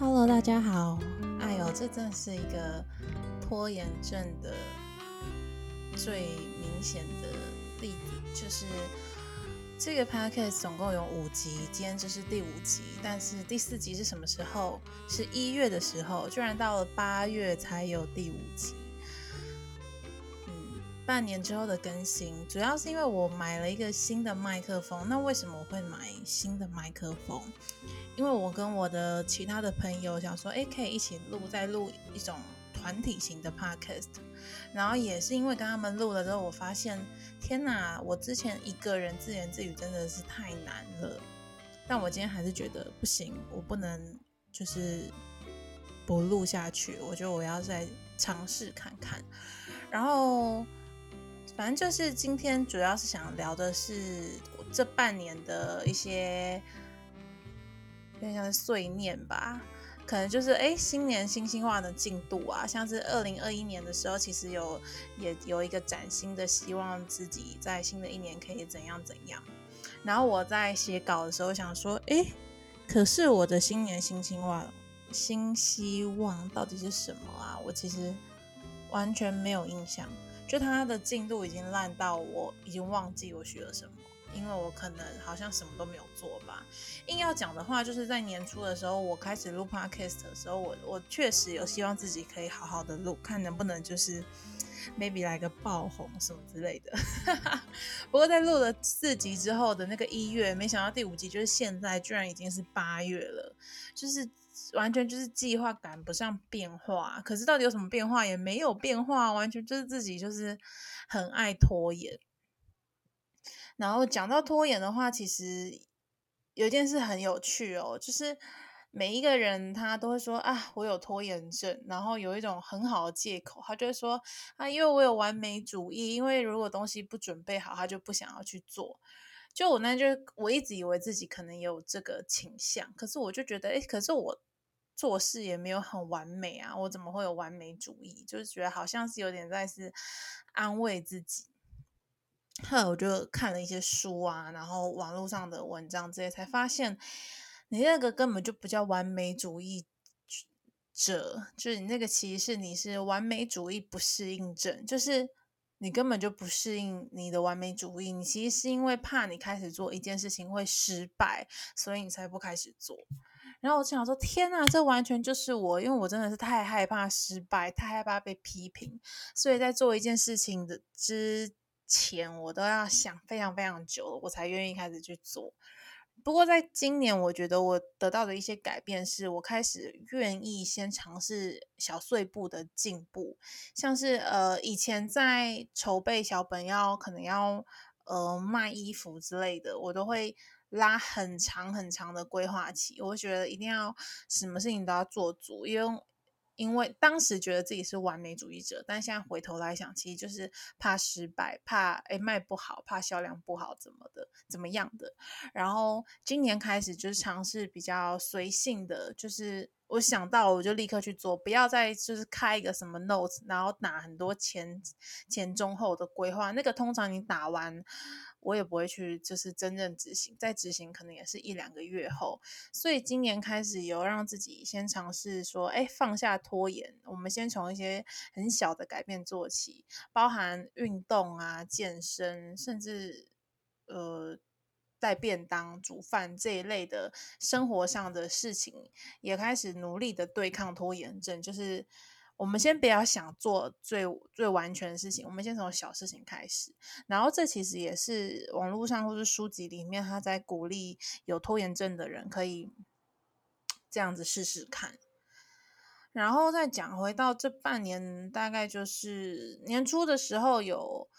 Hello，大家好。哎呦，這真的是一個拖延症的最明顯的例子，就是這個 podcast 總共有五集，今天這是第五集，但是第四集是什麼時候？是一月的時候，居然到了八月才有第五集。半年之後的更新，主要是因為我買了一個新的麥克風。那為什麼我會買新的麥克風？因為我跟我的其他的朋友想說，欸，可以一起錄，再錄一種團體型的 podcast。然後也是因為跟他們錄了之後，我發現，天哪，我之前一個人自言自語真的是太難了。但我今天還是覺得不行，我不能就是不錄下去。我覺得我要再嘗試看看，然後。反正就是今天主要是想聊的是我這半年的一些，有點像是碎念吧。可能就是哎、欸，新年新希望的進度啊，像是二零二一年的時候，其實有也有一個嶄新的希望自己在新的一年可以怎樣怎樣。然後我在寫稿的時候想說，哎、欸，可是我的新年新希望、新希望到底是什麼啊？我其實完全沒有印象。就它的進度已經爛到我已經忘記我學了什麼，因為我可能好像什麼都沒有做吧。硬要講的話，就是在年初的時候，我開始錄 podcast 的時候，我我確實有希望自己可以好好的錄，看能不能就是。Maybe 來個爆紅什麼之類的， 不過在錄了四集之後的那個一月，沒想到第五集就是現在，居然已經是八月了，就是完全就是計劃趕不上變化。可是到底有什麼變化，也沒有變化，完全就是自己就是很愛拖延。然後講到拖延的話，其實有一件事很有趣哦，就是。每一個人他都會說啊，我有拖延症，然後有一種很好的借口，他就說啊，因為我有完美主義，因為如果東西不準備好，他就不想要去做。就我那就我一直以為自己可能有這個傾向，可是我就覺得哎，可是我做事也沒有很完美啊，我怎麼會有完美主義？就是覺得好像是有點在是安慰自己。後來我就看了一些書啊，然後網絡上的文章這些，才發現。你那個根本就不叫完美主義者，就是你那個其實你是完美主義不適應症，就是你根本就不適應你的完美主義。你其實是因為怕你開始做一件事情會失敗，所以你才不開始做。然後我想說，天吶，這完全就是我，因為我真的是太害怕失敗，太害怕被批評，所以在做一件事情的之前，我都要想非常非常久了，我才願意開始去做。不過，在今年，我覺得我得到的一些改變是，我開始願意先嘗試小碎步的進步。像是呃，以前在籌備小本要可能要呃賣衣服之類的，我都會拉很長很長的規劃期。我覺得一定要什麼事情都要做足，因為。因為當時覺得自己是完美主義者，但現在回頭來想，其實就是怕失敗，怕哎賣不好，怕銷量不好，怎麼的怎麼樣的。然後今年開始就是嘗試比較隨性的，就是我想到我就立刻去做，不要再就是開一個什麼 Notes，然後打很多前前中後的規劃。那個通常你打完，我也不會去，就是真正執行，在執行可能也是一兩個月後，所以今年開始有讓自己先嘗試說，哎、欸，放下拖延，我們先從一些很小的改變做起，包含運動啊、健身，甚至呃帶便當、煮飯這一類的生活上的事情，也開始努力的對抗拖延症，就是。我們先不要想做最最完全的事情，我們先從小事情開始。然後這其實也是網絡上或是書籍裡面，他在鼓勵有拖延症的人可以這樣子試試看。然後再講回到這半年，大概就是年初的時候有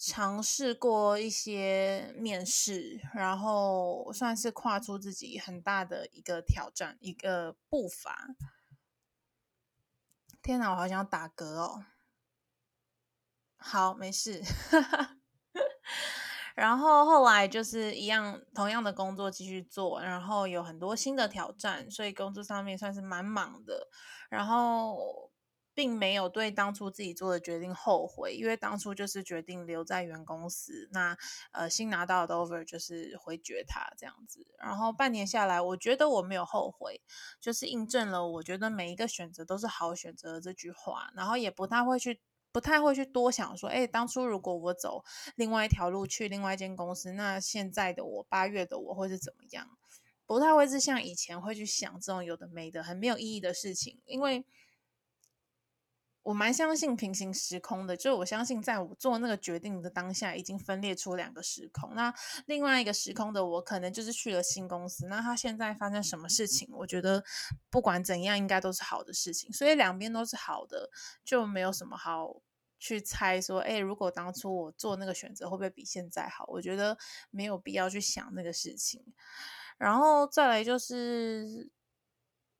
嘗試過一些面試，然後算是跨出自己很大的一個挑戰，一個步伐。天哪，我好像要打嗝哦。好，沒事。 然後後來就是一樣同樣的工作繼續做，然後有很多新的挑戰，所以工作上面算是蠻忙的。然後。並沒有對當初自己做的決定後悔，因為當初就是決定留在原公司。那呃，新拿到的 offer 就是回絕他這樣子。然後半年下來，我覺得我沒有後悔，就是印證了我覺得每一個選擇都是好選擇這句話。然後也不太會去，不太會去多想說，哎，當初如果我走另外一條路，去另外一間公司，那現在的我八月的我會是怎麼樣？不太會是像以前會去想這種有的沒的很沒有意義的事情，因為。我蠻相信平行時空的，就是我相信在我做那個決定的當下，已經分裂出兩個時空。那另外一個時空的我，可能就是去了新公司。那他現在發生什麼事情，我覺得不管怎樣，應該都是好的事情。所以兩邊都是好的，就沒有什麼好去猜說，誒，如果當初我做那個選擇，會不會比現在好？我覺得沒有必要去想那個事情。然後再來就是。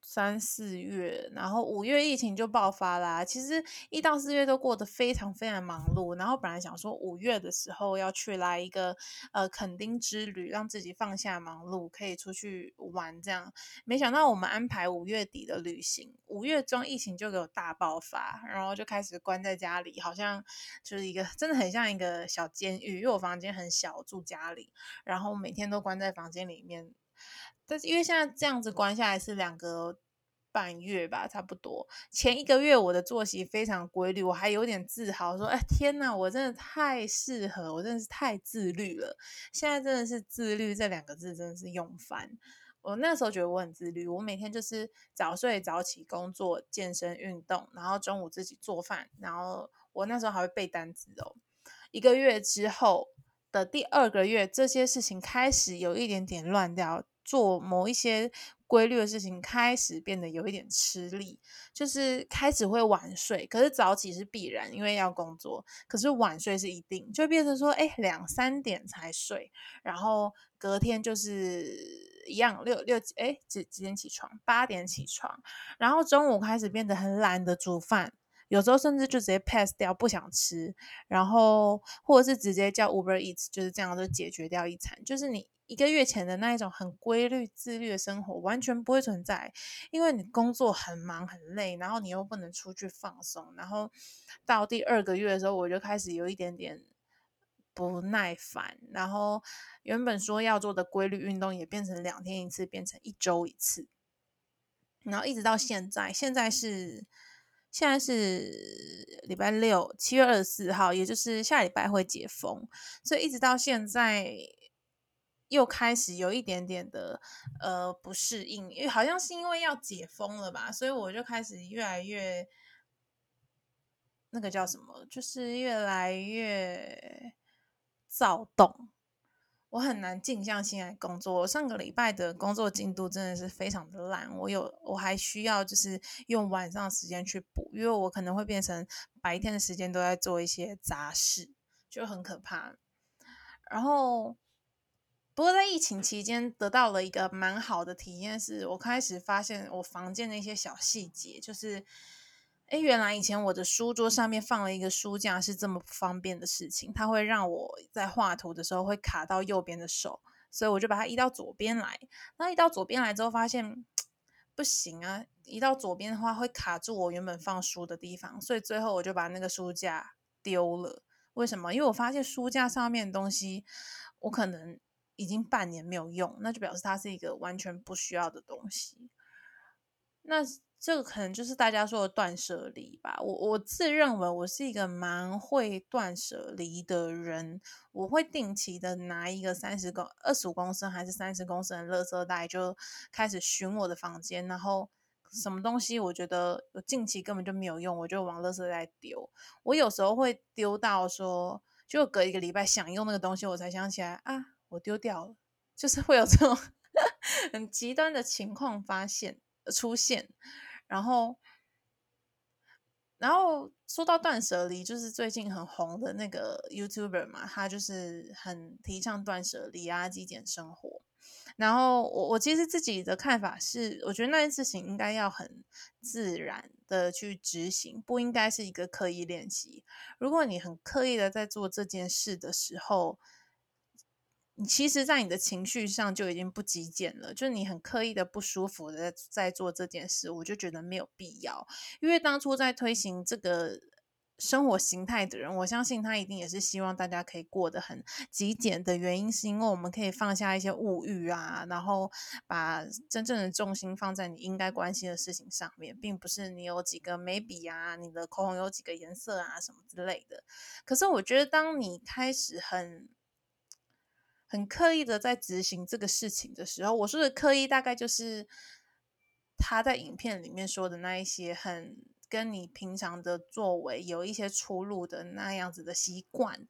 三四月，然後五月疫情就爆發啦啊。其實一到四月都過得非常非常忙碌。然後本來想說五月的時候要去來一個呃墾丁之旅，讓自己放下忙碌，可以出去玩這樣。沒想到我們安排五月底的旅行，五月中疫情就有大爆發，然後就開始關在家裡，好像就是一個真的很像一個小監獄，因為我房間很小，住家裡，然後每天都關在房間裡面。但是因為現在這樣子關下來是兩個半月吧，差不多。前一個月我的作息非常規律，我還有點自豪，說：“哎，天吶，我真的太適合，我真的是太自律了。”現在真的是自律這兩個字真的是用煩。我那時候覺得我很自律，我每天就是早睡早起、工作、健身、運動，然後中午自己做飯，然後我那時候還會背單詞哦。一個月之後的第二個月，這些事情開始有一點點亂掉。做某一些規律的事情開始變得有一點吃力，就是開始會晚睡，可是早起是必然，因為要工作。可是晚睡是一定，就變成說，哎、欸，兩三點才睡，然後隔天就是一樣，六六哎、欸、幾幾點起床，八點起床，然後中午開始變得很懶得煮飯，有時候甚至就直接 pass 掉，不想吃，然後或者是直接叫 Uber Eats，就是這樣就解決掉一餐，就是你。一個月前的那一種很規律、自律的生活完全不會存在，因為你工作很忙很累，然後你又不能出去放鬆。然後到第二個月的時候，我就開始有一點點不耐煩。然後原本說要做的規律運動也變成兩天一次，變成一周一次。然後一直到現在，現在是現在是禮拜六，七月二十四號，也就是下禮拜會解封。所以一直到現在。又開始有一點點的呃不適應，因為好像是因為要解封了吧，所以我就開始越來越那個叫什麼，就是越來越躁動。我很難靜下心來工作。我上個禮拜的工作進度真的是非常的爛，我有我還需要就是用晚上的時間去補，因為我可能會變成白天的時間都在做一些雜事，就很可怕。然後。不過在疫情期間得到了一個蠻好的體驗，是我開始發現我房間的一些小細節，就是，誒，原來以前我的書桌上面放了一個書架是這麼不方便的事情，它會讓我在畫圖的時候會卡到右邊的手，所以我就把它移到左邊來。那移到左邊來之後發現不行啊，移到左邊的話會卡住我原本放書的地方，所以最後我就把那個書架丟了。為什麼？因為我發現書架上面的東西，我可能。已經半年沒有用，那就表示它是一個完全不需要的東西。那這個可能就是大家說的斷捨離吧。我我自認為我是一個蠻會斷捨離的人，我會定期的拿一個三十公二十五公升還是三十公升的垃圾袋，就開始巡我的房間，然後什麼東西我覺得我近期根本就沒有用，我就往垃圾袋丟。我有時候會丟到說，就隔一個禮拜想用那個東西，我才想起來啊。我丟掉了，就是會有這種 很極端的情況發現、呃、出現，然後，然後說到斷捨離，就是最近很紅的那個 YouTuber 嘛，他就是很提倡斷捨離啊、極簡生活。然後我我其實自己的看法是，我覺得那件事情應該要很自然的去執行，不應該是一個刻意練習。如果你很刻意的在做這件事的時候，你其實，在你的情緒上就已經不極簡了，就你很刻意的不舒服的在做這件事，我就覺得沒有必要。因為當初在推行這個生活形態的人，我相信他一定也是希望大家可以過得很極簡的原因，是因為我們可以放下一些物欲啊，然後把真正的重心放在你應該關心的事情上面，並不是你有幾個眉筆啊，你的口紅有幾個顏色啊什麼之類的。可是我覺得，當你開始很很刻意的在執行這個事情的時候，我說的刻意大概就是他在影片裡面說的那一些很跟你平常的作為有一些出入的那樣子的習慣。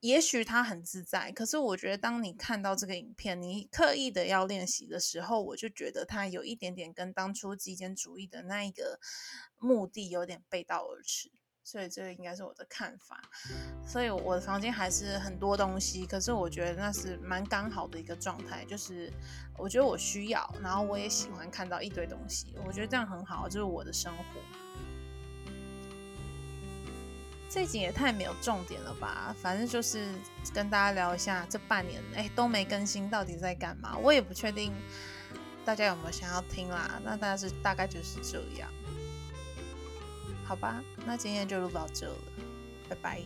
也許他很自在，可是我覺得當你看到這個影片，你刻意的要練習的時候，我就覺得他有一點點跟當初極簡主義的那一個目的有點背道而馳。所以這個應該是我的看法，所以我的房間還是很多東西，可是我覺得那是蠻剛好的一個狀態，就是我覺得我需要，然後我也喜歡看到一堆東西，我覺得這樣很好，就是我的生活。這一集也太沒有重點了吧，反正就是跟大家聊一下這半年，哎，都沒更新，到底在幹嘛？我也不確定大家有沒有想要聽啦，那大家是大概就是這樣。好吧，那今天就錄到這了，拜拜。